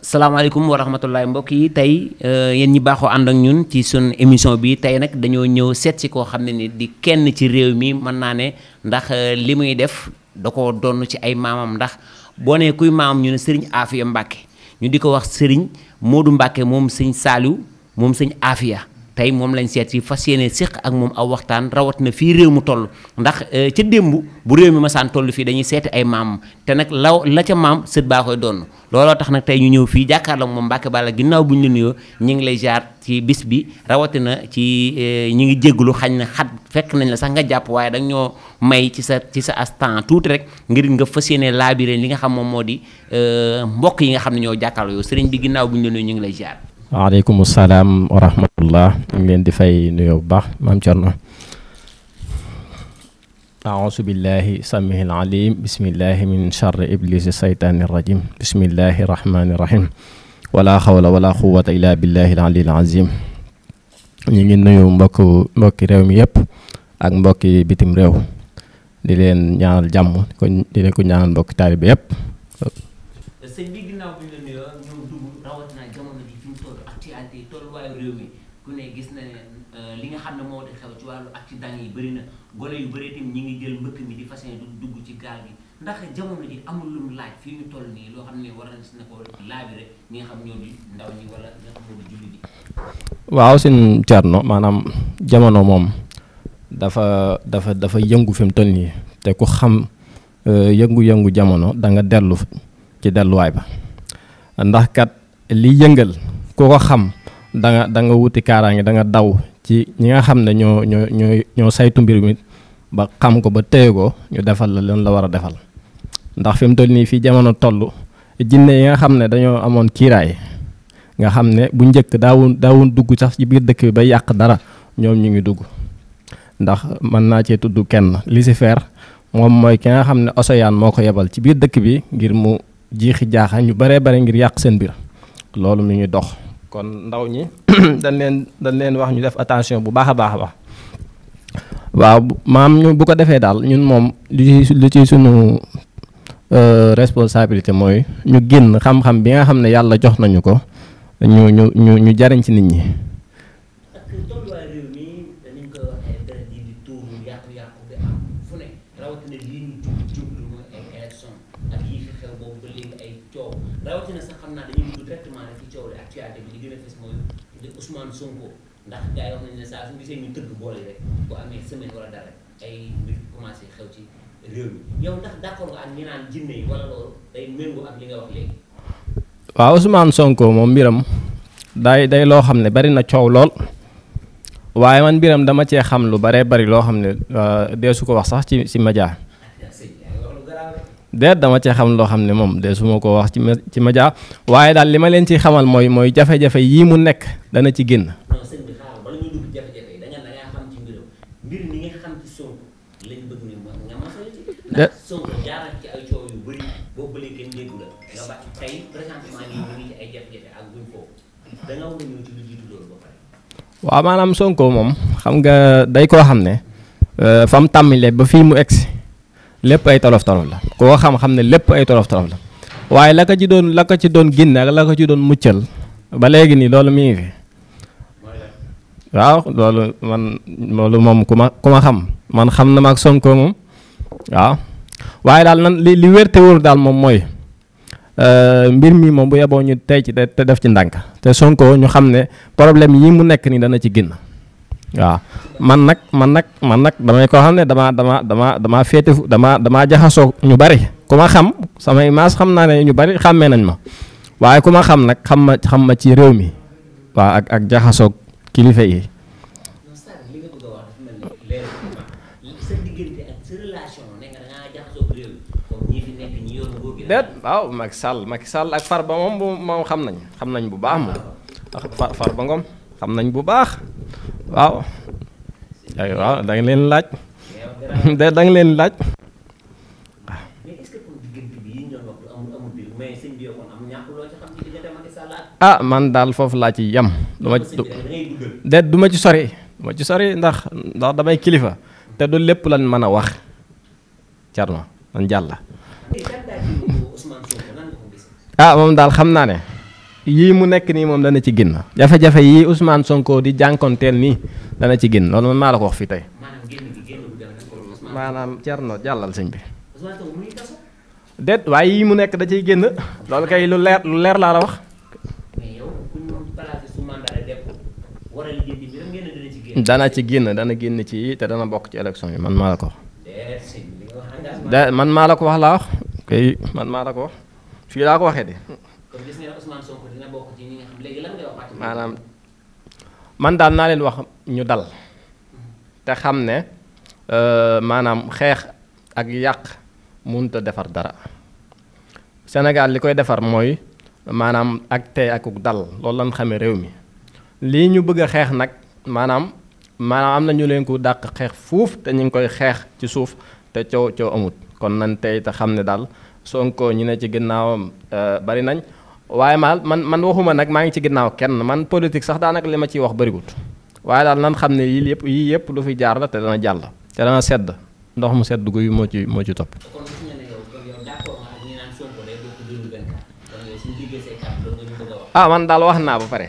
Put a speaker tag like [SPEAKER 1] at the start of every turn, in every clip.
[SPEAKER 1] salaamaaleykum wa rahmatullahi mbokk yi tey euh, yéen ñi baaxoo ànd ak ñun ci sun émission bi tey nag dañoo ñëw seet si koo xam ne ni di kenn ci réew mi mën naa ne ndax euh, li muy def da ko donn ci ay maamam ndax boo nee kuy maamam ñu ne sëriñ Afia Mbacke ñu di ko wax sëriñ Modou Mbacke moom sëñ Saliou moom sëñ Afia tey moom lañ seet si fas yéene séq ak moom aw waxtaan rawatina fii réew mu toll ndax euh, ca démb bu réew mi masaan toll fii dañuy seeti ay maam te nag law la ca maam sët baa koy doon looloo tax nag tey ñu ñëw fii jàkkaarloog moom Mbacke Balla ginnaaw bu ñu la nuyoo ñu lay jaar ci bis bi rawatina ci euh, ñu ngi jégglu xañ na xat fekk nañ la sax nga jàpp waaye dañ ñoo may ci sa ci sa astan tuuti rek ngir nga fas yéene laabiré li nga xam moom moo di euh, mbokk yi nga xam ne ñoo jàkkaarloo yow bi ginnaaw bu ñu la lay jaar
[SPEAKER 2] waaleykum salaam wa rahmatullah ñu ngi leen di fay nuyoo bu baax maam Thierno aousu billahi samihil alim bismillahi min charri iblisi saytaani rajim bismillahi rahmaani rahim wala xawla wala quwata illa billahi al alil azim ñu mbokk mbokki réew mi yëpp ak mbokki bitim réew di leen ñaanal jàmm ko di leen mbokki taalibe yëpp waaw seen Thierno maanaam jamono moom dafa dafa dafa yëngu fi toll nii te ku xam euh, yëngu-yëngu jamono danga dellu ci delluwaay ba ndax kat li yëngal ku xam da danga wuti kaaraange da nga daw ci ñi nga xam ne ñoo ñoo ñoo ñoo saytu mbir mi ba xam ko ba téye ko ñu defal la leen la war a defal ndax fi mu toll nii fii jamono toll jinne yi nga xam ne dañoo amoon kiiraay nga xam ne bu njëkk daawun daawun dugg sax ci biir dëkk bi ba yàq dara ñoom ñu ngi dugg ndax mën naa cee tudd kenn Lucifer moom mooy ki nga xam ne Océan moo ko yebal ci biir dëkk bi ngir mu jiixi jaaxa ñu baree bare ngir yàq seen biir loolu mi ngi dox kon ndaw ñi dañ leen dañ leen wax ñu def attention bu baax a baax a baax waaw maam ñu bu ko defee daal ñun moom lu ci lu ci sunu euh, responsabilité mooy ñu génn xam-xam bi nga xam ne yàlla jox nañu ko ñu ñu ñu ñu jariñ ci nit ñi boole rek waaw Ousmane Sonko moom mbiram day day loo xam ne bari na coow lool waaye man mbiram dama cee xam lu baree bari loo xam ne euh, deesu ko wax sax ci ci média déet dama cee xam loo xam ne moom deesu ma ko wax ci ci waaye daal li ma leen ci xamal mooy mooy jafe-jafe yii mu nekk dana ci génn. yaa xam waaw maanaam Sonko moom xam nga day koo xam ne euh, fa mu tàmmalee ba fii mu egsi lépp ay tolof tolof la koo xam-xam ne lépp ay tolof tolof la waaye la ko ci doon la ko ci doon ginne ak la ko ci doon muccal ba léegi nii loolu mi ngi waaw loolu man loolu moom ku ma ku ma xam man xam na ma ak sonkoo moom waaw waaye daal nan li li wér te wóor daal moom mooy euh, mbir mii moom bu yeboo ñu tey ci te def ci ndànk te Sonko ñu xam ne problème yi mu nekk nii dana ci génn waaw man nag man nag man nag damay koo xam ne dama dama damaa damaa féete fu damaa damaa jaxasoo ñu bari ku ma xam samay maas xam naa ne ñu bari xàmmee nañ ma waaye ku ma xam nag xam ma xam ma ci réew mi waaw ak ak jaxasook kilifa yi. déet waaw Macky Sall Macky Sall ak Farba moom moom xam nañ xam nañ bu baax moom far Farba Ngom xam nañ bu baax waaw. waaw leen laaj. da nga leen laaj. ah man daal foofu laa ci yem. du ma ci ci sori. du ci sori ndax ndax damay kilifa te du lépp lan mën a wax Thierno man jàll. a ah, moom daal xam naa ne. yii mu nekk nii moom dana ci génn jafe-jafe yii Ousmane Sonko di jànkonteel nii dana ci génn loolu man maa la ko wax fii tey. maanaam Thierno jàllal sëñ bi. déet waaye yii mu nekk da ciy génn loolu kay lu leer lu leer laa la wax. dana ci génn dana génn ci te dana bokk ci élection yi man maa la ko
[SPEAKER 1] wax
[SPEAKER 2] da man maa la ko wax laa wax man maa la ko wax fii laa ko waxee de maanaam man daal naa leen wax ñu dal te xam ne euh, maanaam xeex ak yàq mënut a defar dara Sénégal li koy defar mooy maanaam ak tey akuk dal loolu lañ xamee réew mi lii ñu bëgg xeex nag maanaam maanaam am na ñu leen ko dàq xeex fuuf te ñu ngi koy xeex ci suuf te coow coow amut kon nan tey te xam ne daal Sonko ñu ne ci ginnaawam euh, bari nañ waaye maal man man waxuma nag maa ngi ci ginnaaw kenn man politique sax daanaka li ma ciy wax bëriwut waaye daal nan xam ne yii yëpp yii yëpp lu fi jaar la te dana jàll te dana sedd ndox mu sedd guy moo ci moo ci topp. ah man daal wax naa ba pare.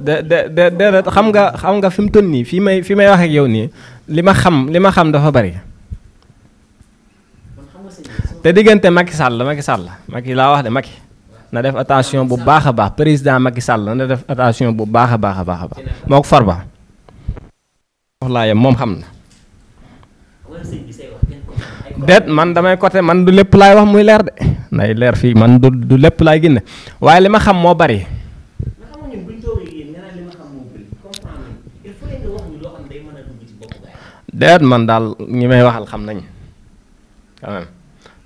[SPEAKER 2] de de de xam nga xam nga fi mu toll nii fii may fi may wax yow nii li ma xam li ma xam dafa bari te diggante Macky Sall Macky Sall Macky laa wax de Macky na def attention bu baax a baax président Macky Sall na def attention bu baax a baax a baax a baax moo ko Farba. wax laa yem moom xam na. déet man damay côté man du lépp laay wax muy leer de nay leer fii man du du lépp laay génne waaye li ma xam moo bari.
[SPEAKER 1] day mën a dugg ci bopp
[SPEAKER 2] gaay deet man daal ñi may waxal xam nañ quand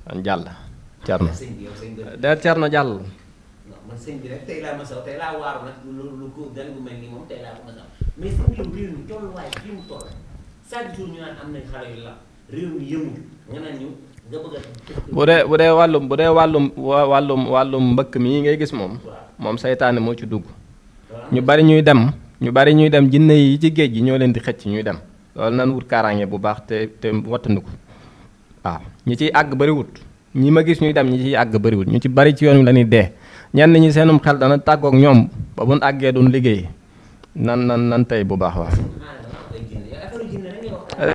[SPEAKER 2] man jàll Thierno deet Thierno jàll bu
[SPEAKER 1] mi tolluwaay nga
[SPEAKER 2] dee bu dee wàllum bu dee wàllum wàllum wàllum mbëkk mii ngay gis moom moom seytaane moo ci dugg ñu bari ñuy dem ñu bari ñuy dem jinne yi ci géej gi ñoo leen di xëcc ñuy dem loolu nan wut kaaraange bu baax te te wattandiku waaw ñi ciy àgg bariwut ñi ma gis ñuy dem ñi ciy àgg bariwut ñu ci bari ci yoon wi la ñuy dee ñenn ñi seenum xel dana tàggoog ñoom ba buñ àggee duñ liggéey nan nan nan tey bu baax waaw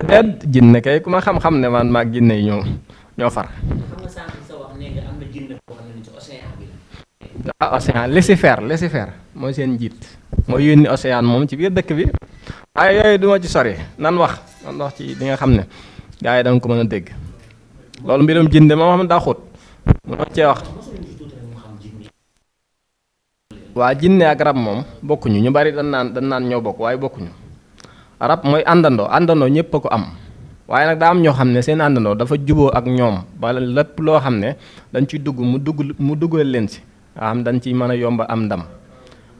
[SPEAKER 2] déet eh, jinne kay ku ma xam-xam ne man maag jinne yi ñoo ñoo far waa ah, Océan laisser faire mooy seen njiit mooy yónni Océan moom ci biir dëkk bi ci sori nan wax nan ci li nga xam ne gars yi ko mën a dégg loolu mbirum jinde moom xam ne daa cee wax waa jinne ak rab moom bokkuñu ñu bari dan naan ñëw bokk waaye bokkuñu rab mooy àndandoo àndandoo ñëpp a ko am waaye nag daa am ñoo xam ne seen àndandoo dafa juboo ak ñoom ba lépp loo xam ne dañ ciy dugg mu dugg mu duggal leen si nga xam dañ ciy mën a yomb am ndam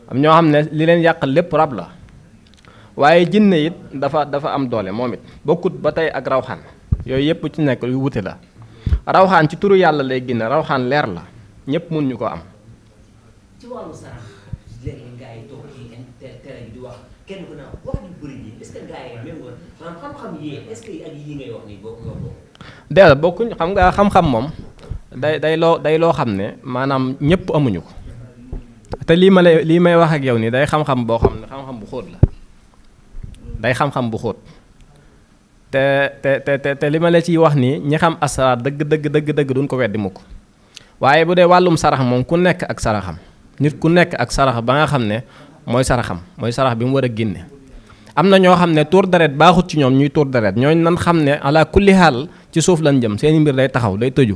[SPEAKER 2] am ñoo xam ne li leen yàq lépp rab la waaye jinne it dafa dafa am doole moom it bokkut ba tey ak rawxaan yooyu yëpp ci nekk yu wute la rawxaan ci turu yàlla lay génne rawxaan leer la ñépp mun ñu ko am. ci bokkuñ xam nga xam-xam moom. day day loo day loo xam ne maanaam ñëpp amuñu ko te lii ma lay lii may wax ak yow nii day xam-xam boo xam ne xam-xam bu xóot la day xam-xam bu xóot te te te te li ma la ciy wax nii ñi xam asraar dëgg dëgg dëgg dëgg duñ ko weddi ko waaye bu dee wàllum sarax moom ku nekk ak saraxam nit ku nekk ak sarax ba nga xam ne mooy saraxam mooy sarax bi mu war a génne am na ñoo xam ne tuur deret baaxut ci ñoom ñuy tuur deret ñooñu nan xam ne ala kulli xaal ci suuf lañ jëm seen mbir day taxaw day tëju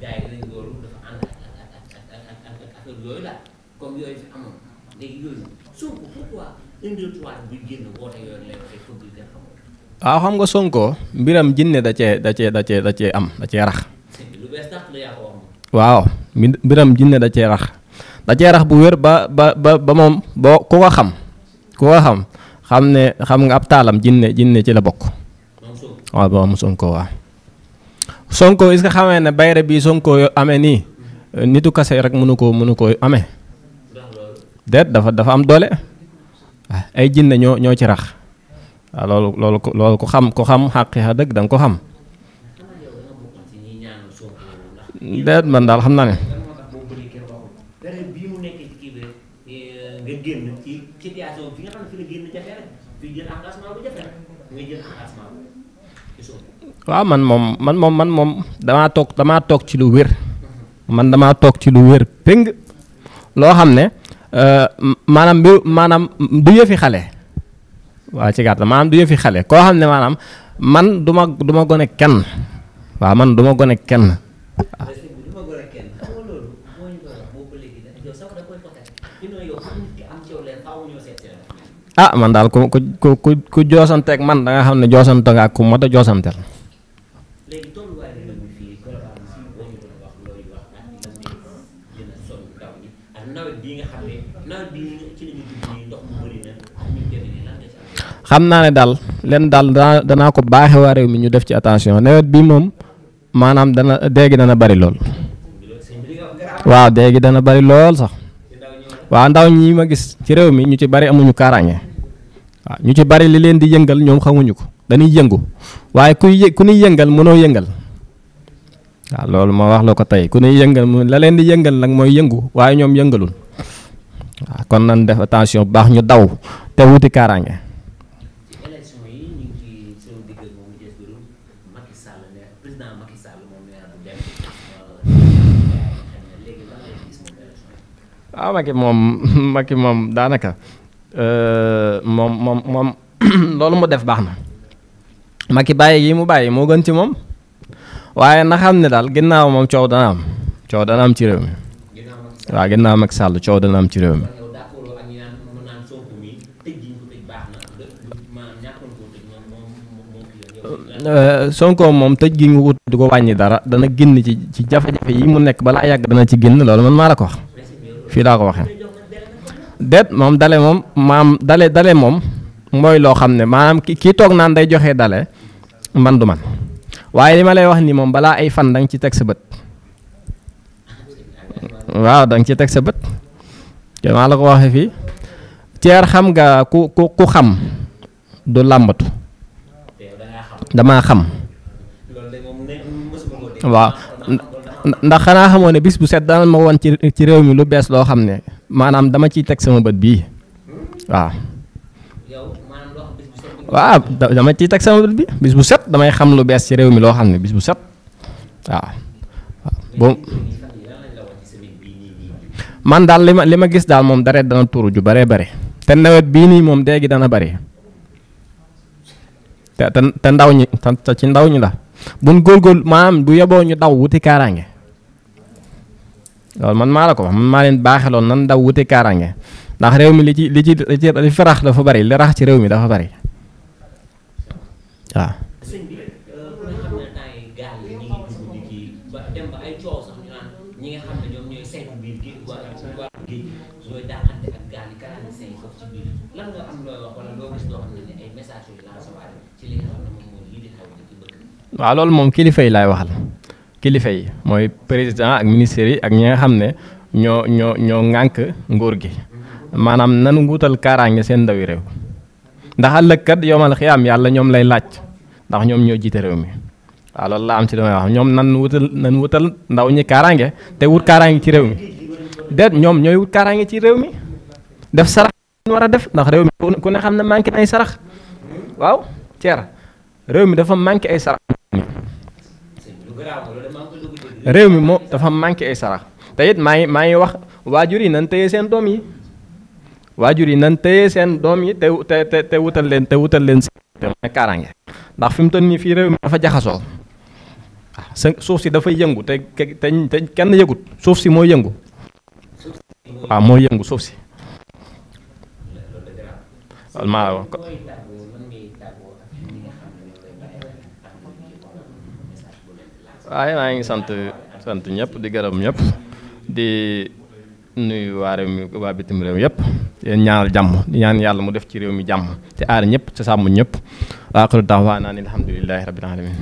[SPEAKER 2] gars waaw xam nga Sonko mbiram jinne da cee da cee da cee da cee am da cee rax. lu bees tax waaw mbiram jinne da cee rax da cee rax bu wér ba ba ba ba moom boo ku ko xam ku ko xam xam ne xam nga ab taalam jinne jinne ci la bokk. waaw ba mu Sonko waaw. Sonko est-ce xamee ne bayre bi Sonko amee nii nitu kase rek mënu koo mënu koo amee déet dafa dafa am doole ay jinne ñoo ñoo ci rax ah, loolu loolu ko xam ko xam xaqiiqa dëgg da nga ko xam déet man daal xam naa ne waaw man moom man moom man moom damaa toog damaa toog ci lu wér man damaa toog ci lu wér péng loo xam ne euh, maanaam mbiru maanaam du yëfi xale waa ci gàttal maanaam du yëfi xale koo xam ne maanaam man duma duma gone kenn waaw man duma gone kenn ah man daal ku ku ku ku joosanteeg man da nga xam ne joosante nga ak ku mot a joosanteel xam naa ne daal leen daal danaa danaa ko baaxe waa réew mi ñu def ci attention nawet bii moom maanaam dana déegi dana bari lool waaw déegi dana bari lool sax waaw ndaw ñi ma gis ci réew mi ñu ci bari amuñu kaaraange waaw ñu ci bari li leen di yëngal ñoom xamuñu ko dañuy yëngu waaye kuy yë ku ñuy yëngal mënoo yëngal waaw loolu ma wax la ko tey ku ñuy yëngal la leen di yëngal nag mooy yëngu waaye ñoom yëngalul waaw kon nan def attention bu baax ñu daw te wuti kaaraange. waaw ah, Macky moom Macky moom daanaka euh, moom moom moom loolu mu def baax na Macky bàyyi yi mu bàyyi moo gën ci moom waaye na xam ne daal ginnaaw moom coow dana am coow dana am ci réew mi waaw ginnaaw Macky Sall coow dana am ci réew mi moom tëj gi nga ko di ko wàññi dara dana ginn ci ci jafe-jafe yi mu nekk balaa yàgg dana ci génn loolu man maa la ko fii laa ko waxee déet moom dale moom maam dale dale moom mooy loo xam ne maanaam kii toog naan day joxe dale man du man waaye li ma lay wax nii moom balaa ay fan danga ci teg sa bët waaw danga ci teg sa bët maa la ko waxee fii xam nga ku ku ku xam du damaa xam waaw ndax xanaa xamoo ne bis bu set dana ma woon ci ci réew mi lu bees loo xam ne maanaam dama ciy teg sama bët bii waaw. waaw dama ciy teg sama bët bi bis bu set damay xam lu bees ci réew mi loo xam ne bis bu set waaw. man daal li ma li ma gis daal moom dara dana tuuru ju bare bare te nawet bii nii moom déegi dana bari te te ndaw ñi te ci ndaw ñi la buñ góorgóorlu maanaam bu yeboo ñu daw wuti kaaraange loolu man maa ko wax man maa leen baaxeloon nan daw wute kaaraange ndax réew mi li ci li ci li fi rax dafa bari li rax ci réew mi dafa bari waaw. loolu moom kilifay yi laay waxal. kilifa yi mooy président ak ministère yi ak ñi nga xam ne ñoo ñoo ñoo ŋànk nguur gi maanaam nanu nguutal kaaraange seen ndawi réew ndax ëllëg kat yomal xiyaam yàlla ñoom lay laaj ndax ñoom ñoo jiite réew mi waaw loolu laa am ci damay wax ñoom nan wutal nan wutal ndaw ñi kaaraange te wut kaaraange ci réew mi déet ñoom ñooy wut kaaraange ci réew mi def sarax war a def ndax réew mi ku ne xam ne manqué ay sarax waaw ceer réew mi dafa manqué ay sarax réew mi moom dafa manqué ay sarax te it maa ngi maa ngi wax waajur yi nan téye seen doom yi waajur yi nañ téye seen doom yi te te te wutal leen te wutal leen sécurité kaaraange ndax fi mu nii fii réew mi dafa jaxasoo waaw suuf si dafay yëngu te kenn yëgut suuf si mooy yëngu waaw mooy yëngu suuf si. waaye maa ngi sant sant ñëpp di gërëm ñëpp di nuyu waa réew waa bitim réew yëpp yéen ñaanal jàmm di ñaan yàlla mu def ci réew mi jàmm te aar ñëpp te sàmm ñëpp waaxiru daawaanaa ni alhamdulilahi rabbil alamin